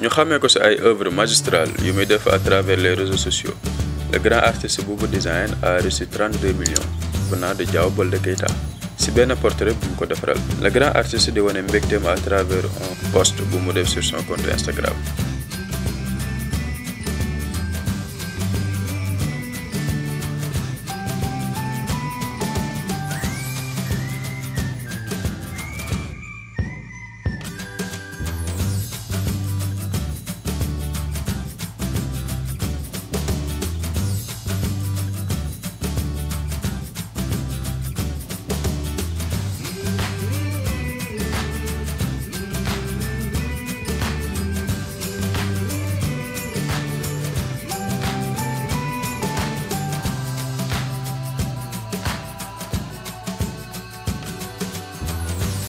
ñu xamee ko si ay œuvres magistrales yu muy def à travers les réseaux sociaux le grand artiste Boubou Design a reçu 32 millions venant de Diao Baldé Keita si benn portrait bu mu ko defaral le grand artiste di wane mbégteem à travers un post bu mu def sur son compte Instagram